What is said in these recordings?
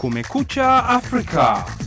Kumekucha Afrika.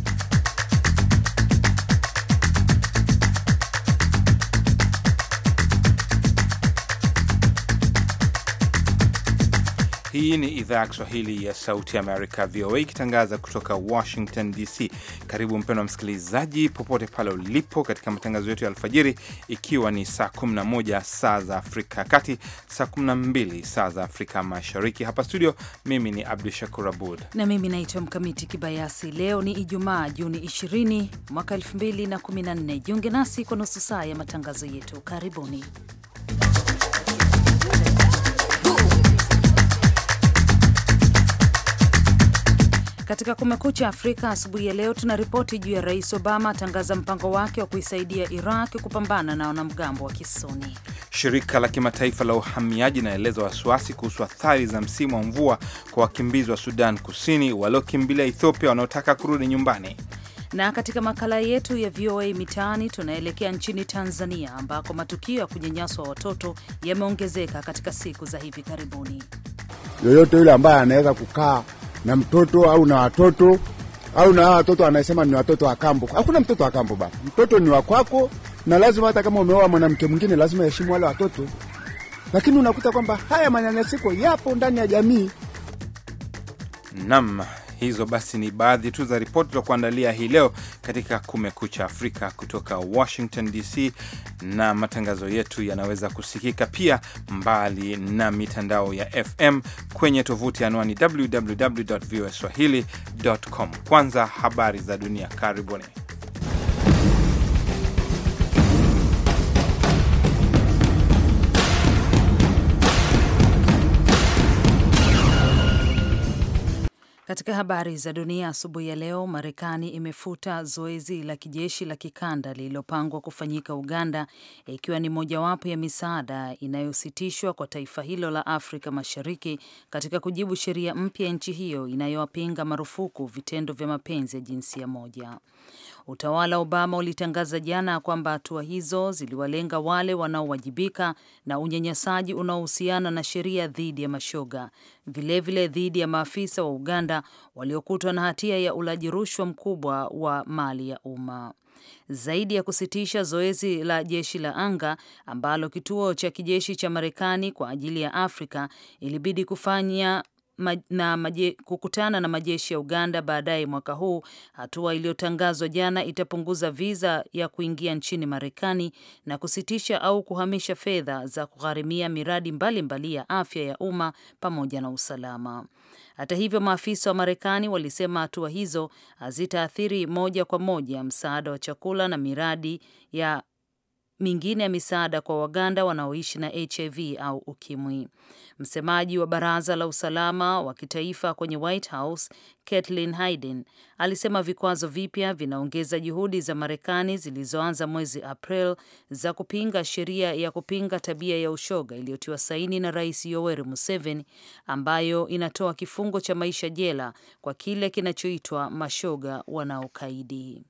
Hii ni idhaa ya Kiswahili ya Sauti Amerika, VOA, ikitangaza kutoka Washington DC. Karibu mpendwa msikilizaji, popote pale ulipo, katika matangazo yetu ya alfajiri, ikiwa ni saa 11 saa za Afrika ya Kati, saa 12 saa za Afrika Mashariki. Hapa studio, mimi ni Abdu Shakur Abud na mimi naitwa Mkamiti Kibayasi. Leo ni Ijumaa, Juni 20 mwaka 2014. Jiunge nasi kwa nusu saa ya matangazo yetu. Karibuni. Katika Kumekucha Afrika asubuhi ya leo, tuna ripoti juu ya Rais Obama atangaza mpango wake wa kuisaidia Iraq kupambana na wanamgambo wa Kisuni. Shirika la kimataifa la uhamiaji linaeleza wasiwasi kuhusu athari za msimu wa mvua kwa wakimbizi wa Sudan Kusini waliokimbilia Ethiopia wanaotaka kurudi nyumbani na katika makala yetu ya VOA Mitaani tunaelekea nchini Tanzania ambako matukio ya kunyanyaswa watoto yameongezeka katika siku za hivi karibuni. Yoyote yule ambaye anaweza kukaa na mtoto au na watoto au na watoto anasema ni watoto wa kambo. Hakuna mtoto wa kambo bana, mtoto ni wa kwako, na lazima hata kama umeoa mwanamke mwingine lazima heshimu wale watoto. Lakini unakuta kwamba haya manyanyasiko yapo ndani ya jamii. Naam, Hizo basi ni baadhi tu za ripoti za kuandalia hii leo katika Kumekucha Afrika kutoka Washington DC, na matangazo yetu yanaweza kusikika pia mbali na mitandao ya FM kwenye tovuti anwani www voa swahili.com. Kwanza habari za dunia, karibuni. Katika habari za dunia asubuhi ya leo, Marekani imefuta zoezi la kijeshi la kikanda lililopangwa kufanyika Uganda, ikiwa ni mojawapo ya misaada inayositishwa kwa taifa hilo la Afrika Mashariki katika kujibu sheria mpya ya nchi hiyo inayowapinga marufuku vitendo vya mapenzi ya jinsia moja. Utawala wa Obama ulitangaza jana kwamba hatua hizo ziliwalenga wale wanaowajibika na unyanyasaji unaohusiana na sheria dhidi ya mashoga, vilevile dhidi ya maafisa wa Uganda waliokutwa na hatia ya ulaji rushwa mkubwa wa mali ya umma zaidi ya kusitisha zoezi la jeshi la anga ambalo kituo cha kijeshi cha Marekani kwa ajili ya Afrika ilibidi kufanya na maje, kukutana na majeshi ya Uganda baadaye mwaka huu. Hatua iliyotangazwa jana itapunguza viza ya kuingia nchini Marekani na kusitisha au kuhamisha fedha za kugharimia miradi mbalimbali mbali ya afya ya umma pamoja na usalama. Hata hivyo, maafisa wa Marekani walisema hatua hizo hazitaathiri moja kwa moja msaada wa chakula na miradi ya mingine ya misaada kwa Waganda wanaoishi na HIV au ukimwi. Msemaji wa baraza la usalama wa kitaifa kwenye White House Caitlin Hayden alisema vikwazo vipya vinaongeza juhudi za Marekani zilizoanza mwezi April za kupinga sheria ya kupinga tabia ya ushoga iliyotiwa saini na Rais Yoweri Museveni, ambayo inatoa kifungo cha maisha jela kwa kile kinachoitwa mashoga wanaokaidi.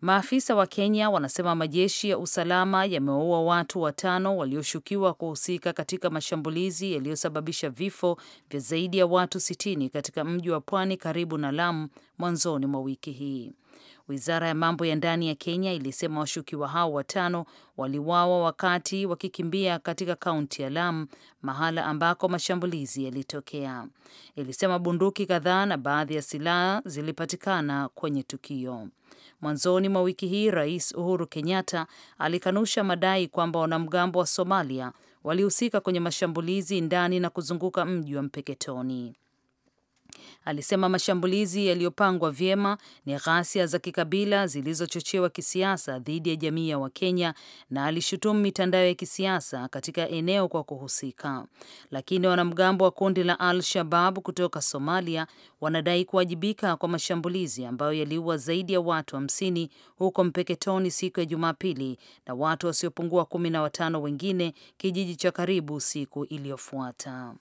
Maafisa wa Kenya wanasema majeshi ya usalama yamewaua watu watano walioshukiwa kuhusika katika mashambulizi yaliyosababisha vifo vya zaidi ya watu sitini katika mji wa pwani karibu na Lamu mwanzoni mwa wiki hii. Wizara ya mambo ya ndani ya Kenya ilisema washukiwa hao watano waliwawa wakati wakikimbia katika kaunti ya Lamu, mahala ambako mashambulizi yalitokea. Ilisema bunduki kadhaa na baadhi ya silaha zilipatikana kwenye tukio. Mwanzoni mwa wiki hii, Rais Uhuru Kenyatta alikanusha madai kwamba wanamgambo wa Somalia walihusika kwenye mashambulizi ndani na kuzunguka mji wa Mpeketoni alisema mashambulizi yaliyopangwa vyema ni ghasia za kikabila zilizochochewa kisiasa dhidi ya jamii ya Wakenya na alishutumu mitandao ya kisiasa katika eneo kwa kuhusika. Lakini wanamgambo wa kundi la Al-Shabab kutoka Somalia wanadai kuwajibika kwa mashambulizi ambayo yaliua zaidi ya watu hamsini wa huko Mpeketoni siku ya Jumapili na watu wasiopungua kumi na watano wengine kijiji cha karibu siku iliyofuata.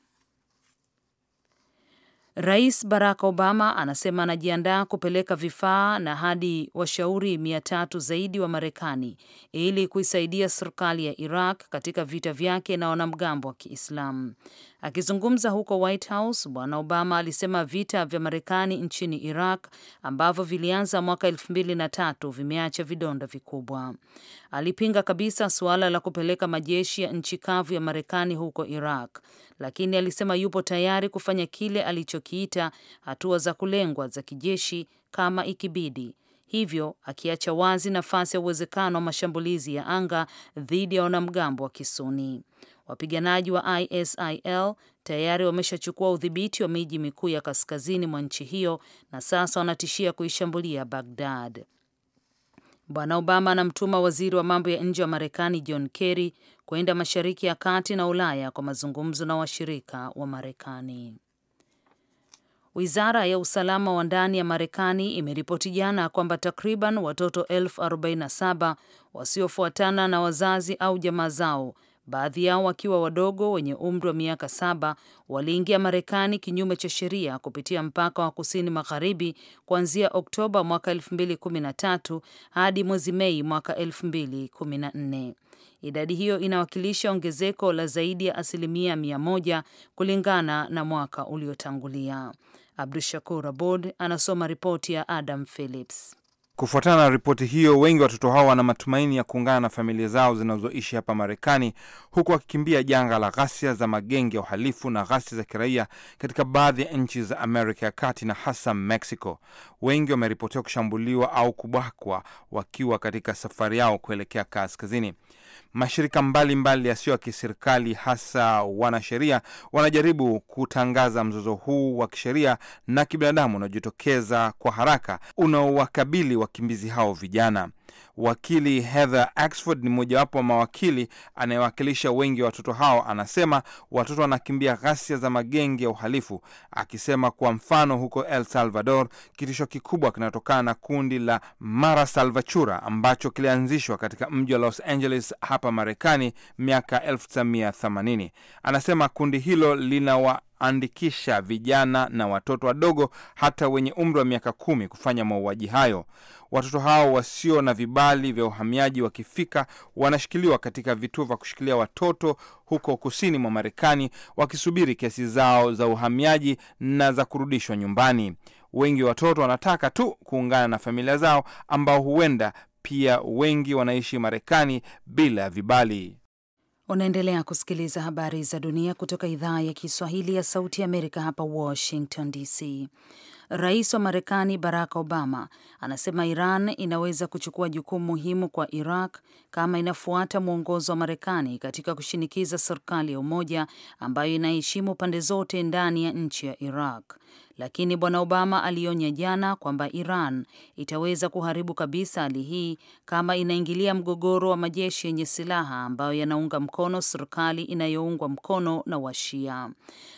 Rais Barack Obama anasema anajiandaa kupeleka vifaa na hadi washauri mia tatu zaidi wa Marekani ili kuisaidia serikali ya Iraq katika vita vyake na wanamgambo wa Kiislamu. Akizungumza huko White House, Bwana Obama alisema vita vya Marekani nchini Iraq ambavyo vilianza mwaka elfu mbili na tatu vimeacha vidonda vikubwa. Alipinga kabisa suala la kupeleka majeshi ya nchi kavu ya Marekani huko Iraq, lakini alisema yupo tayari kufanya kile alichokiita hatua za kulengwa za kijeshi kama ikibidi, hivyo akiacha wazi nafasi ya uwezekano wa mashambulizi ya anga dhidi ya wanamgambo wa Kisuni. Wapiganaji wa ISIL tayari wameshachukua udhibiti wa miji mikuu ya kaskazini mwa nchi hiyo na sasa wanatishia kuishambulia Bagdad. Bwana Obama anamtuma waziri wa mambo ya nje wa Marekani John Kerry kwenda Mashariki ya Kati na Ulaya kwa mazungumzo na washirika wa Marekani. Wizara ya usalama wa ndani ya Marekani imeripoti jana kwamba takriban watoto elfu 47 wasiofuatana na wazazi au jamaa zao baadhi yao wakiwa wadogo wenye umri wa miaka saba, waliingia Marekani kinyume cha sheria kupitia mpaka wa kusini magharibi kuanzia Oktoba mwaka 2013 hadi mwezi Mei mwaka 2014. Idadi hiyo inawakilisha ongezeko la zaidi ya asilimia mia moja kulingana na mwaka uliotangulia. Abdu Shakur Abod anasoma ripoti ya Adam Phillips. Kufuatana na ripoti hiyo, wengi watoto hao wana matumaini ya kuungana na familia zao zinazoishi hapa Marekani, huku wakikimbia janga la ghasia za magenge ya uhalifu na ghasia za kiraia katika baadhi ya nchi za Amerika ya Kati na hasa Mexico. Wengi wameripotiwa kushambuliwa au kubakwa wakiwa katika safari yao kuelekea kaskazini mashirika mbalimbali yasiyo ya kiserikali hasa wanasheria wanajaribu kutangaza mzozo huu wa kisheria na kibinadamu unaojitokeza kwa haraka unaowakabili wakimbizi hao vijana. Wakili Heather Axford ni mojawapo wa mawakili anayewakilisha wengi wa watoto hao. Anasema watoto wanakimbia ghasia za magenge ya uhalifu, akisema kwa mfano huko El Salvador kitisho kikubwa kinatokana na kundi la Mara Salvachura ambacho kilianzishwa katika mji wa Los Angeles hapa Marekani miaka 1980. Anasema kundi hilo linawa andikisha vijana na watoto wadogo hata wenye umri wa miaka kumi kufanya mauaji hayo. Watoto hao wasio na vibali vya uhamiaji wakifika, wanashikiliwa katika vituo vya kushikilia watoto huko kusini mwa Marekani, wakisubiri kesi zao za uhamiaji na za kurudishwa nyumbani. Wengi wa watoto wanataka tu kuungana na familia zao, ambao huenda pia wengi wanaishi Marekani bila vibali. Unaendelea kusikiliza habari za dunia kutoka idhaa ya Kiswahili ya Sauti ya Amerika hapa Washington DC. Rais wa Marekani Barack Obama anasema Iran inaweza kuchukua jukumu muhimu kwa Iraq kama inafuata mwongozo wa Marekani katika kushinikiza serikali ya umoja ambayo inaheshimu pande zote ndani ya nchi ya Iraq lakini Bwana Obama alionya jana kwamba Iran itaweza kuharibu kabisa hali hii kama inaingilia mgogoro wa majeshi yenye silaha ambayo yanaunga mkono serikali inayoungwa mkono na Washia.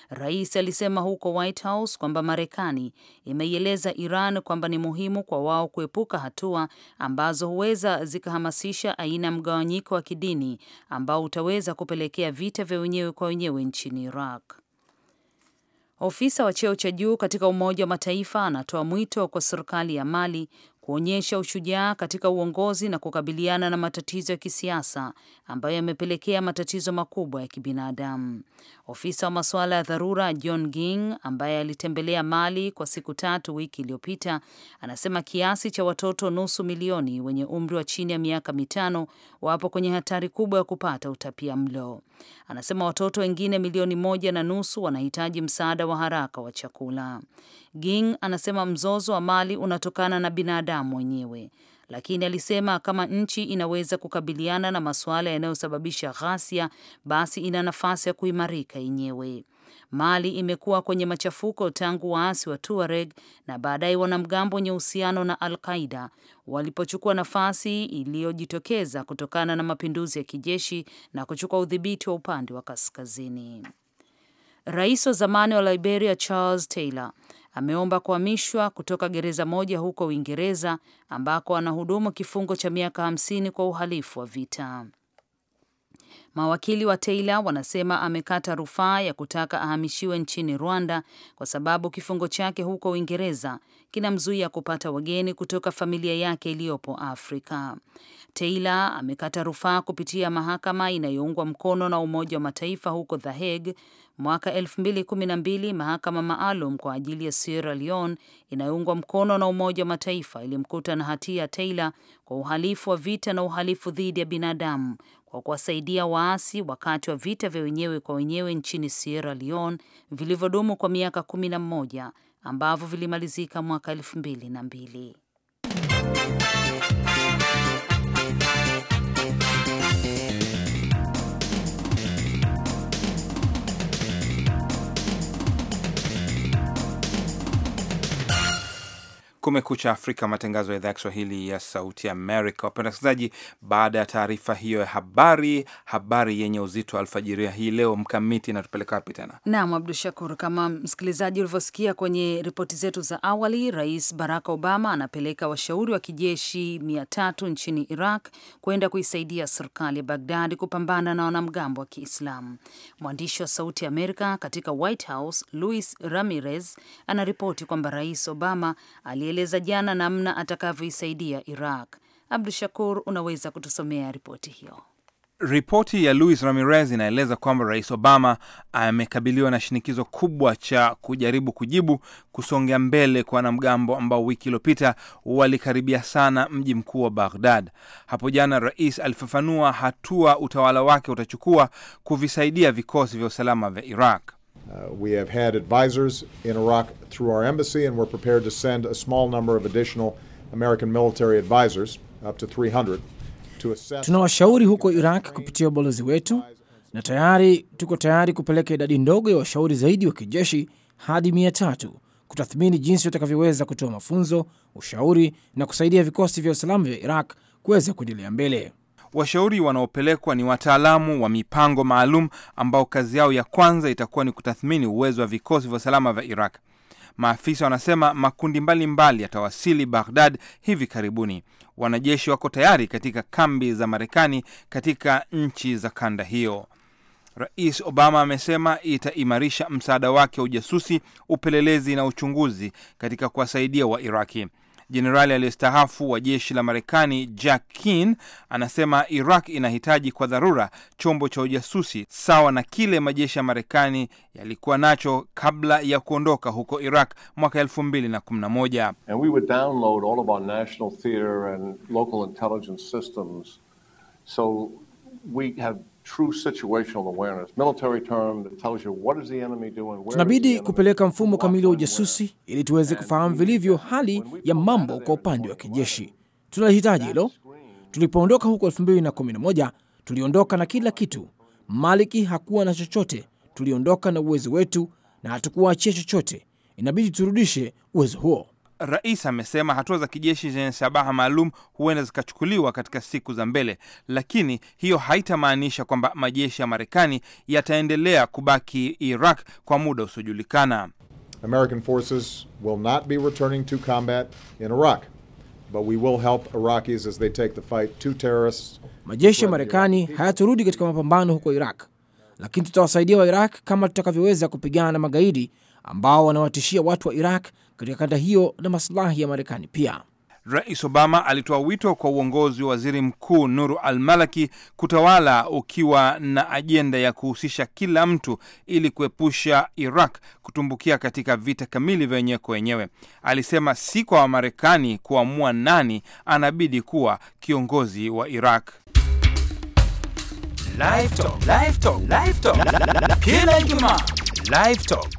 Rais alisema huko White House kwamba Marekani imeieleza Iran kwamba ni muhimu kwa wao kuepuka hatua ambazo huweza zikahamasisha aina ya mgawanyiko wa kidini ambao utaweza kupelekea vita vya wenyewe kwa wenyewe nchini Iraq. Ofisa wa cheo cha juu katika Umoja wa Mataifa anatoa mwito kwa serikali ya Mali kuonyesha ushujaa katika uongozi na kukabiliana na matatizo ya kisiasa ambayo yamepelekea matatizo makubwa ya kibinadamu. Ofisa wa masuala ya dharura John Ging, ambaye alitembelea Mali kwa siku tatu wiki iliyopita, anasema kiasi cha watoto nusu milioni wenye umri wa chini ya miaka mitano wapo kwenye hatari kubwa ya kupata utapia mlo. Anasema watoto wengine milioni moja na nusu wanahitaji msaada wa haraka wa chakula. Ging anasema mzozo wa Mali unatokana na binadamu wenyewe, lakini alisema kama nchi inaweza kukabiliana na masuala yanayosababisha ghasia, basi ina nafasi ya kuimarika yenyewe. Mali imekuwa kwenye machafuko tangu waasi wa Tuareg na baadaye wanamgambo wenye uhusiano na Al Qaida walipochukua nafasi iliyojitokeza kutokana na mapinduzi ya kijeshi na kuchukua udhibiti wa upande wa kaskazini. Rais wa zamani wa Liberia Charles Taylor ameomba kuhamishwa kutoka gereza moja huko Uingereza ambako anahudumu kifungo cha miaka hamsini kwa uhalifu wa vita. Mawakili wa Taylor wanasema amekata rufaa ya kutaka ahamishiwe nchini Rwanda kwa sababu kifungo chake huko Uingereza kinamzuia kupata wageni kutoka familia yake iliyopo Afrika. Taylor amekata rufaa kupitia mahakama inayoungwa mkono na Umoja wa Mataifa huko The Hague. Mwaka 2012 mahakama maalum kwa ajili ya Sierra Leone inayoungwa mkono na Umoja wa Mataifa ilimkuta na hatia Taylor kwa uhalifu wa vita na uhalifu dhidi ya binadamu kwa kuwasaidia waasi wakati wa vita vya wenyewe kwa wenyewe nchini Sierra Leone vilivyodumu kwa miaka kumi na mmoja ambavyo vilimalizika mwaka elfu mbili na mbili. Kumekucha Afrika, matangazo ya idhaa ya Kiswahili ya Sauti Amerika. Wapenda wasikilizaji, baada ya taarifa hiyo ya habari, habari yenye uzito wa alfajiria hii leo, Mkamiti inatupeleka wapi tena? Naam, Abdu Shakur, kama msikilizaji ulivyosikia kwenye ripoti zetu za awali, Rais Barack Obama anapeleka washauri wa kijeshi mia tatu nchini Iraq kwenda kuisaidia serikali ya Bagdadi kupambana na wanamgambo wa Kiislamu. Mwandishi wa Sauti Amerika katika White House Luis Ramirez anaripoti kwamba Rais Obama alieleza alieleza jana namna atakavyoisaidia Iraq. Abdu Shakur, unaweza kutusomea ripoti hiyo? Ripoti ya Luis Ramirez inaeleza kwamba Rais Obama amekabiliwa na shinikizo kubwa cha kujaribu kujibu kusongea mbele kwa wanamgambo ambao wiki iliyopita walikaribia sana mji mkuu wa Baghdad. Hapo jana rais alifafanua hatua utawala wake utachukua kuvisaidia vikosi vya usalama vya Iraq. Uh, we have had advisors in Iraq through our embassy, and we're prepared to send a small number of additional American military advisors, up to 300, to assess. Tunawashauri huko Iraq kupitia ubalozi wetu, na tayari tuko tayari kupeleka idadi ndogo ya washauri zaidi wa kijeshi hadi mia tatu kutathmini jinsi watakavyoweza kutoa mafunzo, ushauri na kusaidia vikosi vya usalama vya Iraq kuweza kuendelea mbele. Washauri wanaopelekwa ni wataalamu wa mipango maalum ambao kazi yao ya kwanza itakuwa ni kutathmini uwezo wa vikosi vya usalama vya Iraq. Maafisa wanasema makundi mbalimbali yatawasili Baghdad hivi karibuni. Wanajeshi wako tayari katika kambi za Marekani katika nchi za kanda hiyo. Rais Obama amesema itaimarisha msaada wake wa ujasusi, upelelezi na uchunguzi katika kuwasaidia Wairaki jenerali aliyestahafu wa jeshi la Marekani Jack Keane anasema Iraq inahitaji kwa dharura chombo cha ujasusi sawa na kile majeshi ya Marekani yalikuwa nacho kabla ya kuondoka huko Iraq mwaka 2011. And we would download all of our national theater and local intelligence systems. So we have true situational awareness, military term that tells you what is the enemy doing. Tunabidi kupeleka mfumo kamili wa ujasusi ili tuweze kufahamu vilivyo hali ya mambo kwa upande wa kijeshi. Tunalihitaji hilo. Tulipoondoka huko 2011 tuliondoka na kila kitu. Maliki hakuwa na chochote, tuliondoka na uwezo wetu na hatukuwaachia chochote. Inabidi turudishe uwezo huo. Rais amesema hatua za kijeshi zenye shabaha maalum huenda zikachukuliwa katika siku za mbele, lakini hiyo haitamaanisha kwamba majeshi ya Marekani yataendelea kubaki Iraq kwa muda usiojulikana. American forces will not be returning to combat in Iraq, but we will help Iraqis as they take the fight to terrorists. Majeshi ya Marekani hayaturudi katika mapambano huko Iraq, lakini tutawasaidia wa Iraq kama tutakavyoweza kupigana na magaidi ambao wanawatishia watu wa Iraq katika kanda hiyo na masilahi ya Marekani pia. Rais Obama alitoa wito kwa uongozi wa waziri mkuu Nuru al-Maliki kutawala ukiwa na ajenda ya kuhusisha kila mtu ili kuepusha Iraq kutumbukia katika vita kamili vya wenyewe kwa wenyewe. Alisema si kwa Wamarekani kuamua nani anabidi kuwa kiongozi wa Iraq. Live Talk, Live Talk, Live Talk. Kila Ijumaa Live Talk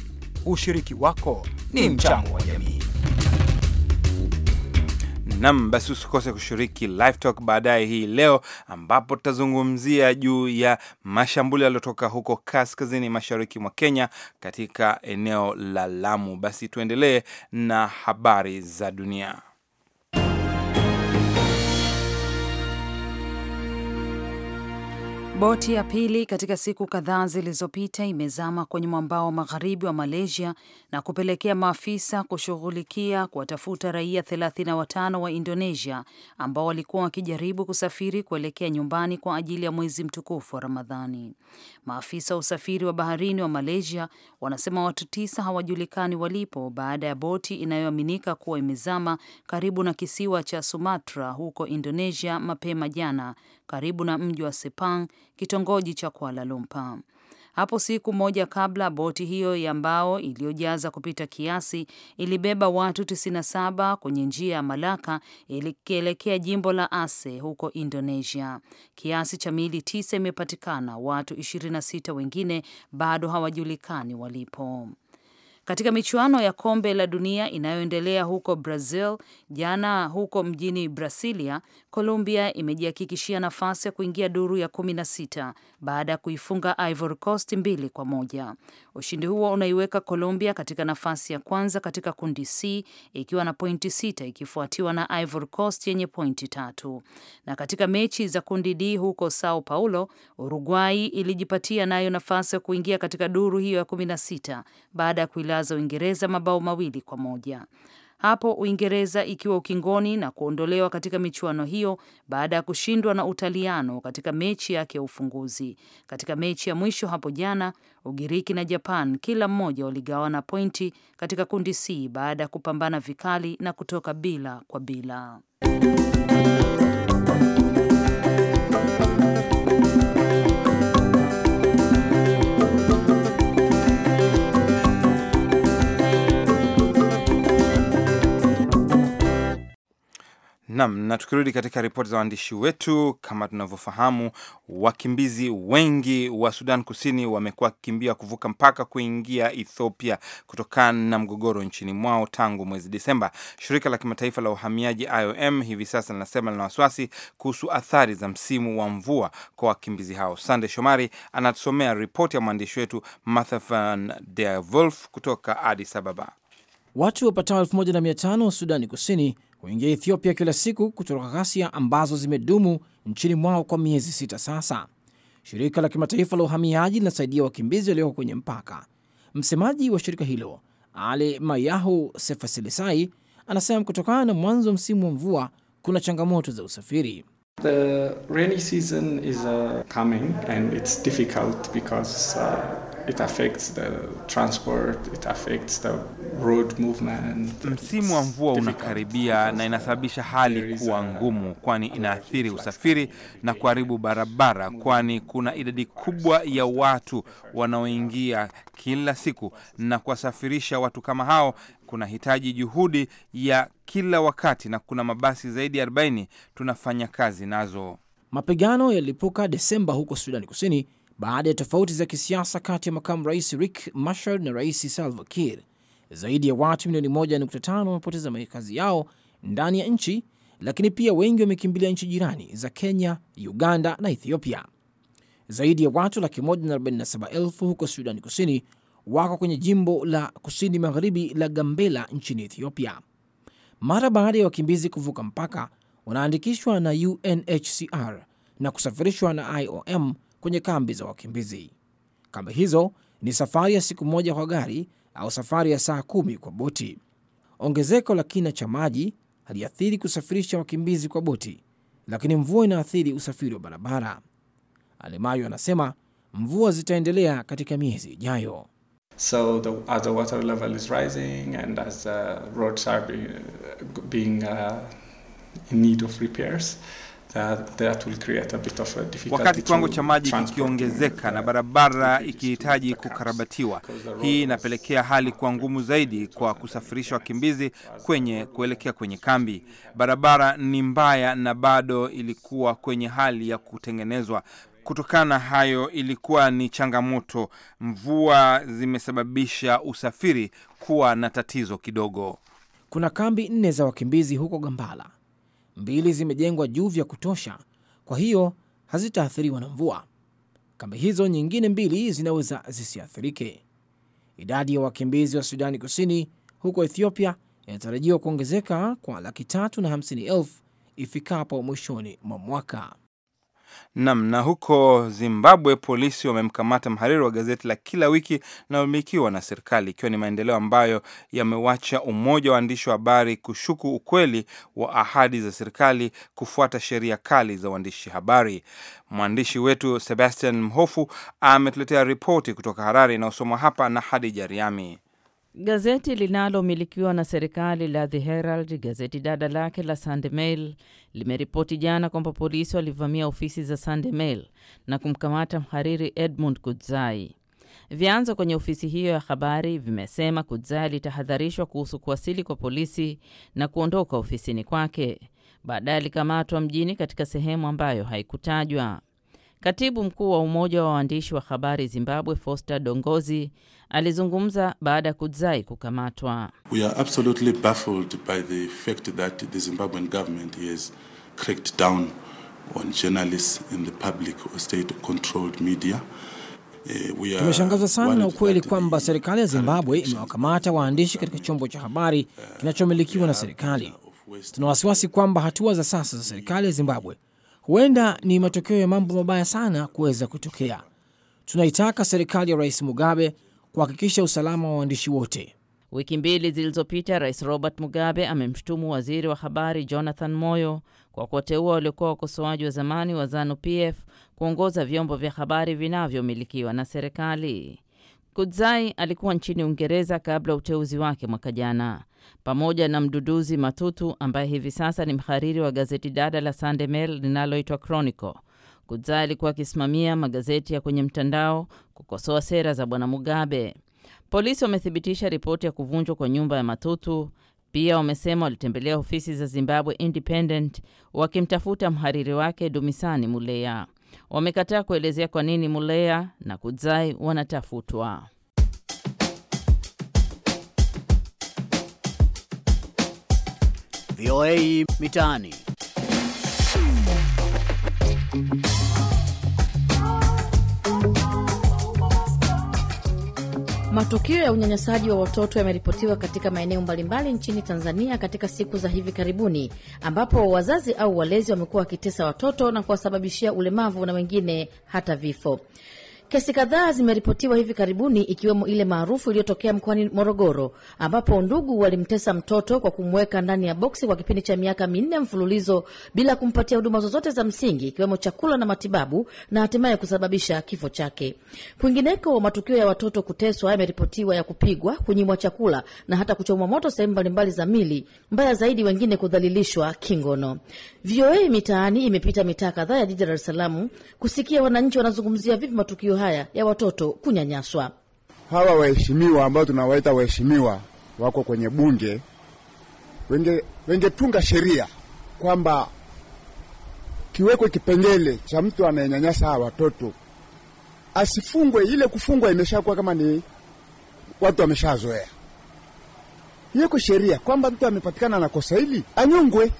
Ushiriki wako ni mchango wa jamii. Nam, basi usikose kushiriki Live Talk baadaye hii leo, ambapo tutazungumzia juu ya mashambulio yaliyotoka huko kaskazini mashariki mwa Kenya katika eneo la Lamu. Basi tuendelee na habari za dunia. Boti ya pili katika siku kadhaa zilizopita imezama kwenye mwambao wa magharibi wa Malaysia na kupelekea maafisa kushughulikia kuwatafuta raia 35 wa Indonesia ambao walikuwa wakijaribu kusafiri kuelekea nyumbani kwa ajili ya mwezi mtukufu wa Ramadhani. Maafisa wa usafiri wa baharini wa Malaysia wanasema watu tisa hawajulikani walipo baada ya boti inayoaminika kuwa imezama karibu na kisiwa cha Sumatra huko Indonesia mapema jana karibu na mji wa Sepang, kitongoji cha Kuala Lumpur. Hapo siku moja kabla, boti hiyo ya mbao iliyojaza kupita kiasi ilibeba watu 97 kwenye njia ya Malaka ilikielekea jimbo la Aceh huko Indonesia. Kiasi cha miili tisa imepatikana, watu 26 wengine bado hawajulikani walipo. Katika michuano ya kombe la dunia inayoendelea huko Brazil, jana huko mjini Brasilia, Colombia imejihakikishia nafasi ya kuingia duru ya kumi na sita baada ya kuifunga Ivory Coast mbili kwa moja. Ushindi huo unaiweka Colombia katika nafasi ya kwanza katika kundi C ikiwa na pointi sita ikifuatiwa na Ivory Coast yenye pointi tatu. Na katika mechi za kundi D huko Sao Paulo, Uruguai ilijipatia nayo nafasi ya kuingia katika duru hiyo ya kumi na sita baada ya kuilaza Uingereza mabao mawili kwa moja. Hapo Uingereza ikiwa ukingoni na kuondolewa katika michuano hiyo baada ya kushindwa na Utaliano katika mechi yake ya ufunguzi. Katika mechi ya mwisho hapo jana, Ugiriki na Japan kila mmoja waligawana pointi katika kundi C baada ya kupambana vikali na kutoka bila kwa bila. Nam, na tukirudi katika ripoti za waandishi wetu, kama tunavyofahamu, wakimbizi wengi wa Sudan Kusini wamekuwa wakikimbia kuvuka mpaka kuingia Ethiopia kutokana na mgogoro nchini mwao tangu mwezi Desemba. Shirika la kimataifa la uhamiaji IOM hivi sasa linasema lina wasiwasi kuhusu athari za msimu wa mvua kwa wakimbizi hao. Sande Shomari anatusomea ripoti ya mwandishi wetu Martha Van Der Wolf kutoka Addis Ababa. Watu wapatao 1500 wa Sudani Kusini kuingia Ethiopia kila siku kutoka ghasia ambazo zimedumu nchini mwao kwa miezi sita sasa. Shirika la kimataifa la uhamiaji linasaidia wakimbizi walioko kwenye mpaka. Msemaji wa shirika hilo Ali Mayahu Sefasilisai anasema kutokana na mwanzo msimu wa mvua kuna changamoto za usafiri. The rainy season is, uh, coming and it's difficult because, uh... It affects the transport, it affects the road movement. Msimu wa mvua unakaribia na inasababisha hali kuwa ngumu, kwani inaathiri usafiri na kuharibu barabara, kwani kuna idadi kubwa ya watu wanaoingia kila siku, na kuwasafirisha watu kama hao kunahitaji juhudi ya kila wakati, na kuna mabasi zaidi ya 40 tunafanya kazi nazo. Mapigano yalipuka Desemba huko Sudani Kusini baada ya tofauti za kisiasa kati ya makamu rais Rick Machar na rais Salva Kiir. Zaidi ya watu milioni 1.5 wamepoteza makazi yao ndani ya nchi, lakini pia wengi wamekimbilia nchi jirani za Kenya, Uganda na Ethiopia. Zaidi ya watu laki 147 huko Sudani Kusini wako kwenye jimbo la kusini magharibi la Gambela nchini Ethiopia. Mara baada ya wakimbizi kuvuka mpaka, wanaandikishwa na UNHCR na kusafirishwa na IOM kwenye kambi za wakimbizi. Kambi hizo ni safari ya siku moja kwa gari au safari ya saa kumi kwa boti. Ongezeko la kina cha maji haliathiri kusafirisha wakimbizi kwa boti, lakini mvua inaathiri usafiri wa barabara. Alemayo anasema mvua zitaendelea katika miezi ijayo. So the, as the water level is rising and as the roads are being, uh, in need of repairs Wakati kiwango cha maji kikiongezeka na barabara ikihitaji kukarabatiwa, hii inapelekea hali kuwa ngumu zaidi kwa kusafirisha wakimbizi kwenye kuelekea kwenye kambi. Barabara ni mbaya na bado ilikuwa kwenye hali ya kutengenezwa. Kutokana na hayo, ilikuwa ni changamoto. Mvua zimesababisha usafiri kuwa na tatizo kidogo. Kuna kambi nne za wakimbizi huko Gambala mbili zimejengwa juu vya kutosha, kwa hiyo hazitaathiriwa na mvua. Kambi hizo nyingine mbili zinaweza zisiathirike. Idadi ya wakimbizi wa Sudani Kusini huko Ethiopia inatarajiwa kuongezeka kwa laki tatu na hamsini elfu ifikapo mwishoni mwa mwaka. Nam. Na huko Zimbabwe, polisi wamemkamata mhariri wa gazeti la kila wiki linalomilikiwa na serikali, ikiwa ni maendeleo ambayo yamewacha umoja wa waandishi wa habari kushuku ukweli wa ahadi za serikali kufuata sheria kali za uandishi habari. Mwandishi wetu Sebastian Mhofu ametuletea ripoti kutoka Harare inayosomwa hapa na Hadija Riami. Gazeti linalomilikiwa na serikali la The Herald, gazeti dada lake la Sunday Mail limeripoti jana kwamba polisi walivamia ofisi za Sunday Mail na kumkamata mhariri Edmund Kudzai. Vyanzo kwenye ofisi hiyo ya habari vimesema Kudzai alitahadharishwa kuhusu kuwasili kwa polisi na kuondoka ofisini kwake. Baadaye alikamatwa mjini katika sehemu ambayo haikutajwa. Katibu mkuu wa Umoja wa Waandishi wa Habari Zimbabwe, Foster Dongozi, alizungumza baada ya Kudzai kukamatwa. Eh, Tumeshangazwa sana na ukweli kwamba serikali ya Zimbabwe imewakamata waandishi katika chombo cha habari kinachomilikiwa na serikali. Tuna wasiwasi kwamba hatua za sasa za serikali ya Zimbabwe huenda ni matokeo ya mambo mabaya sana kuweza kutokea. Tunaitaka serikali ya Rais Mugabe kuhakikisha usalama wa waandishi wote. Wiki mbili zilizopita, Rais Robert Mugabe amemshutumu waziri wa habari Jonathan Moyo kwa kuwateua waliokuwa wakosoaji wa zamani wa ZANU PF kuongoza vyombo vya habari vinavyomilikiwa na serikali. Kudzai alikuwa nchini Uingereza kabla uteuzi wake mwaka jana, pamoja na Mduduzi Matutu ambaye hivi sasa ni mhariri wa gazeti dada la Sunday Mail linaloitwa Chronicle. Kudzai alikuwa akisimamia magazeti ya kwenye mtandao kukosoa sera za bwana Mugabe. Polisi wamethibitisha ripoti ya kuvunjwa kwa nyumba ya Matutu. Pia wamesema walitembelea ofisi za Zimbabwe Independent wakimtafuta mhariri wake Dumisani Muleya. Wamekataa kuelezea kwa nini Mulea na Kudzai wanatafutwa. VOA Mitaani. Matukio ya unyanyasaji wa watoto yameripotiwa katika maeneo mbalimbali nchini Tanzania katika siku za hivi karibuni, ambapo wazazi au walezi wamekuwa wakitesa watoto na kuwasababishia ulemavu na wengine hata vifo. Kesi kadhaa zimeripotiwa hivi karibuni ikiwemo ile maarufu iliyotokea mkoani Morogoro ambapo ndugu walimtesa mtoto kwa kumweka ndani ya boksi kwa kipindi cha miaka minne mfululizo bila kumpatia huduma zozote za msingi ikiwemo chakula na matibabu na hatimaye kusababisha kifo chake. Kwingineko, matukio ya watoto kuteswa yameripotiwa ya kupigwa, kunyimwa chakula na hata kuchomwa moto sehemu mbalimbali za mili, mbaya zaidi wengine kudhalilishwa kingono. VOA Mitaani imepita mitaa kadhaa ya jiji la Dar es Salaam kusikia wananchi wanazungumzia vipi matukio haya ya watoto kunyanyaswa. Hawa waheshimiwa ambao tunawaita waheshimiwa wako kwenye bunge, wengetunga sheria kwamba kiwekwe kipengele cha mtu anayenyanyasa hawa watoto asifungwe. Ile kufungwa imeshakuwa kama ni watu wameshazoea. iweko sheria kwamba mtu amepatikana na kosa hili anyongwe,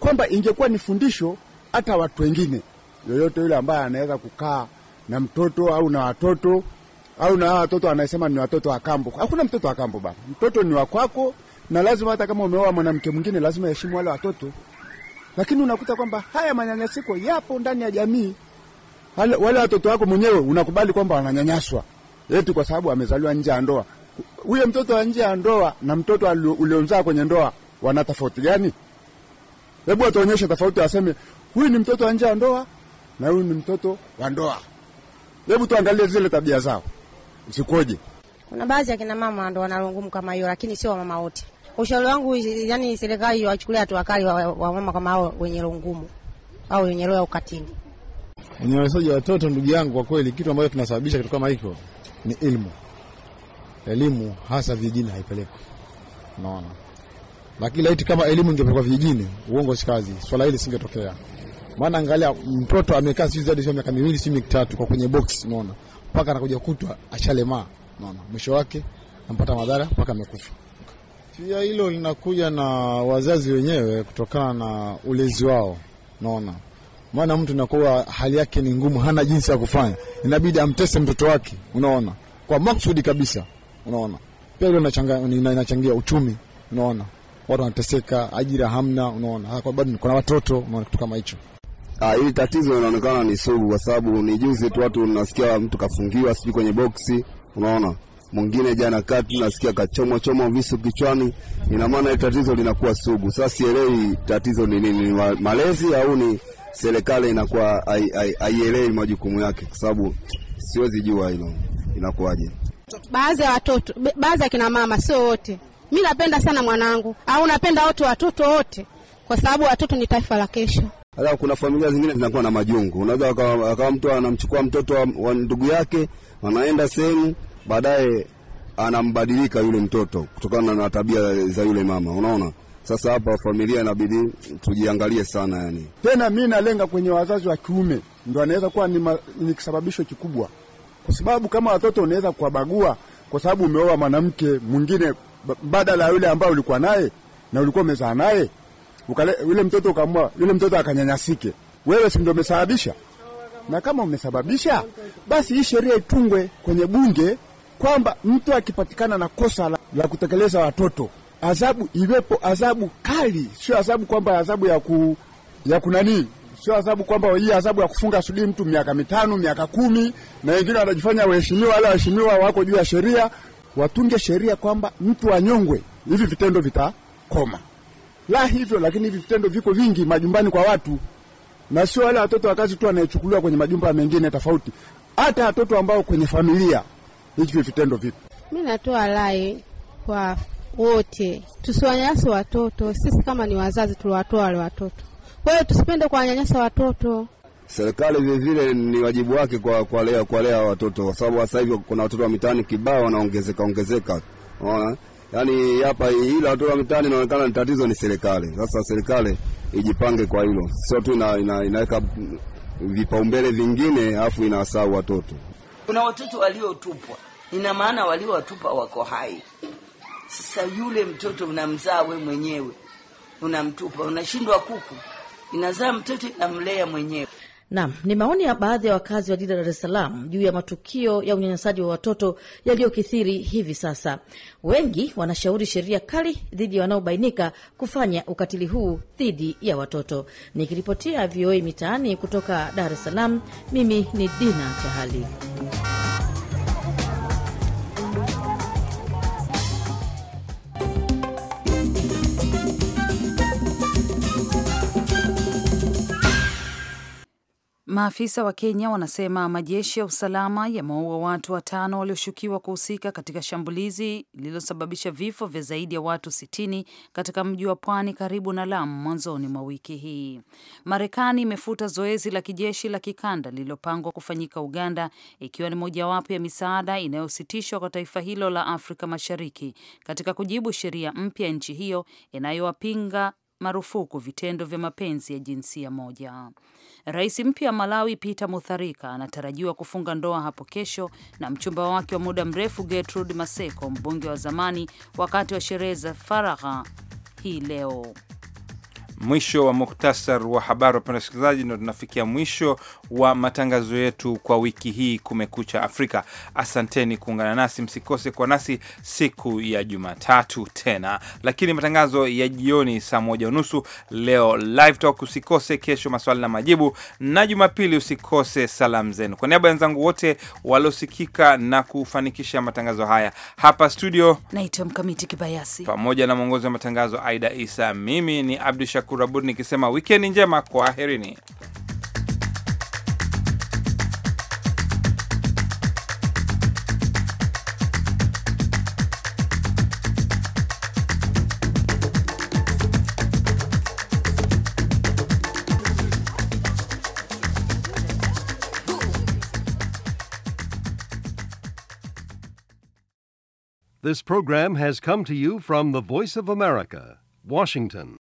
kwamba ingekuwa ni fundisho hata watu wengine, yoyote yule ambaye anaweza kukaa na mtoto au na watoto au na watoto anasema ni watoto wa kambo. Hakuna mtoto wa kambo bana, mtoto ni wa kwako, na lazima hata kama umeoa mwanamke mwingine lazima heshimu wale watoto. Lakini unakuta kwamba haya manyanyasiko yapo ndani ya jamii. Wale watoto wako mwenyewe unakubali kwamba wananyanyaswa eti kwa sababu amezaliwa nje ya ndoa. Huyo mtoto wa nje ya ndoa na mtoto uliomzaa kwenye ndoa wana tofauti gani? Hebu atuonyeshe tofauti, aseme huyu ni mtoto wa nje ya ndoa na huyu ni mtoto wa ndoa. Hebu tuangalie zile tabia zao zikoje. Kuna baadhi ya kina mama ndo wanalungumu kama hiyo, lakini sio wamama wote. Ushauri wangu yani, serikali iwachukulie hatua kali wamama wa kama hao wenye roho ngumu au wenye roho ya ukatili, unyanyasaji wa watoto. Ndugu yangu, kwa kweli kitu ambacho kinasababisha kitu kama hicho ni elimu. Elimu hasa vijijini haipelekwi, unaona. Lakini laiti kama elimu ingepelekwa vijijini, uongo sikazi, swala hili singetokea maana angalia mtoto amekaa siku zaidi ya miaka miwili si mitatu kwa kwenye box, unaona, mpaka anakuja kutwa ashalemaa, unaona, mwisho wake anampata madhara mpaka amekufa. Pia hilo linakuja na wazazi wenyewe kutokana na ulezi wao, unaona, maana mtu nakuwa hali yake ni ngumu, hana jinsi ya kufanya, inabidi amtese mtoto wake, unaona, kwa maksudi kabisa, unaona. Pia hilo inachangia uchumi, unaona, watu wanateseka, ajira hamna, unaona, bado kuna watoto, unaona, kitu kama hicho. Ah, hili tatizo linaonekana ni sugu, kwa sababu ni juzi tu watu nasikia mtu kafungiwa sijui kwenye boksi, unaona mwingine jana kati nasikia kachomwa chomwa visu kichwani. Ina maana hili tatizo linakuwa sugu. Sasa sielewi tatizo ni nini, ni malezi au ni serikali inakuwa haielewi majukumu yake, kwa sababu siwezi jua hilo inakuwaje. Baadhi ya watoto, baadhi ya kina mama, sio wote. Mi napenda sana mwanangu, au napenda wote watoto wote, kwa sababu watoto ni taifa la kesho. Hata kuna familia zingine zinakuwa na majungu, unaweza akawa mtu anamchukua mtoto wa ndugu yake, wanaenda sehemu, baadaye anambadilika yule mtoto kutokana na tabia za yule mama, unaona. Sasa hapa familia inabidi tujiangalie sana yani. Tena mi nalenga kwenye wazazi wa kiume, ndo anaweza kuwa ni, ma, ni kisababisho kikubwa, kwa sababu kama watoto unaweza kuwabagua kwa sababu umeoa mwanamke mwingine badala ya yule ambaye ulikuwa naye na ulikuwa umezaa naye ukale yule mtoto ukamua yule mtoto akanyanyasike, wewe si ndio umesababisha? Na kama umesababisha, basi hii sheria itungwe kwenye bunge kwamba mtu akipatikana na kosa la, la kutekeleza watoto adhabu iwepo, adhabu kali, sio adhabu kwamba adhabu ya ku, ya kunanii, sio adhabu kwamba hii adhabu ya kufunga sudi mtu miaka mitano miaka kumi, na wengine wanajifanya waheshimiwa, wale waheshimiwa wako juu ya sheria. Watunge sheria kwamba mtu anyongwe, hivi vitendo vitakoma. La hivyo, lakini hivi vitendo viko vingi majumbani kwa watu, na sio wale watoto wa kazi tu wanayechukuliwa kwenye majumba mengine tofauti, hata watoto ambao kwenye familia hivi vitendo vipo. Mi natoa rai kwa wote, tusiwanyanyase watoto. Sisi kama ni wazazi, tuliwatoa wale watoto, kwa hiyo tusipende kuwanyanyasa watoto. Serikali vilevile ni wajibu wake kwa kwalea kwalea watoto, kwa sababu sasa hivi kuna watoto wa mitaani kibao wanaongezeka ongezeka, unaona yaani hapa hilo wa mitaani inaonekana tatizo ni serikali. Sasa serikali ijipange kwa hilo, sio tu ina, ina, inaweka vipaumbele vingine afu inasahau watoto. Kuna watoto waliotupwa, ina maana waliowatupa wako hai. Sasa yule mtoto unamzaa we mwenyewe, unamtupa, unashindwa kuku, inazaa mtoto inamlea mwenyewe. Naam, ni maoni ya baadhi ya wakazi wa jiji la Dar es Salaam juu ya matukio ya unyanyasaji wa watoto yaliyokithiri hivi sasa. Wengi wanashauri sheria kali dhidi ya wanaobainika kufanya ukatili huu dhidi ya watoto. Nikiripotia VOA Mitaani kutoka Dar es Salaam, mimi ni Dina Chahali. Maafisa wa Kenya wanasema majeshi ya usalama yameua watu watano walioshukiwa kuhusika katika shambulizi lililosababisha vifo vya zaidi ya watu sitini katika mji wa pwani karibu na Lamu mwanzoni mwa wiki hii. Marekani imefuta zoezi la kijeshi la kikanda lililopangwa kufanyika Uganda, ikiwa ni mojawapo ya misaada inayositishwa kwa taifa hilo la Afrika Mashariki katika kujibu sheria mpya ya nchi hiyo inayowapinga marufuku vitendo vya mapenzi ya jinsia moja. Rais mpya wa Malawi Peter Mutharika anatarajiwa kufunga ndoa hapo kesho na mchumba wake wa muda mrefu Gertrude Maseko, mbunge wa zamani, wakati wa sherehe za faragha hii leo. Mwisho wa muhtasar wa habari. Wapenda wasikilizaji, ndo tunafikia mwisho wa matangazo yetu kwa wiki hii Kumekucha Afrika. Asanteni kuungana nasi, msikose kwa nasi siku ya Jumatatu tena, lakini matangazo ya jioni saa moja unusu leo live talk usikose, kesho maswali na majibu, na Jumapili usikose salamu zenu. Kwa niaba ya wenzangu wote waliosikika na kufanikisha matangazo haya hapa studio, naitwa Mkamiti Kibayasi pamoja na mwongozi wa matangazo Aida Isa, mimi ni Abdu Shakur Shakur Abud nikisema wikendi njema, kwa This program has come to you from the Voice of America, Washington.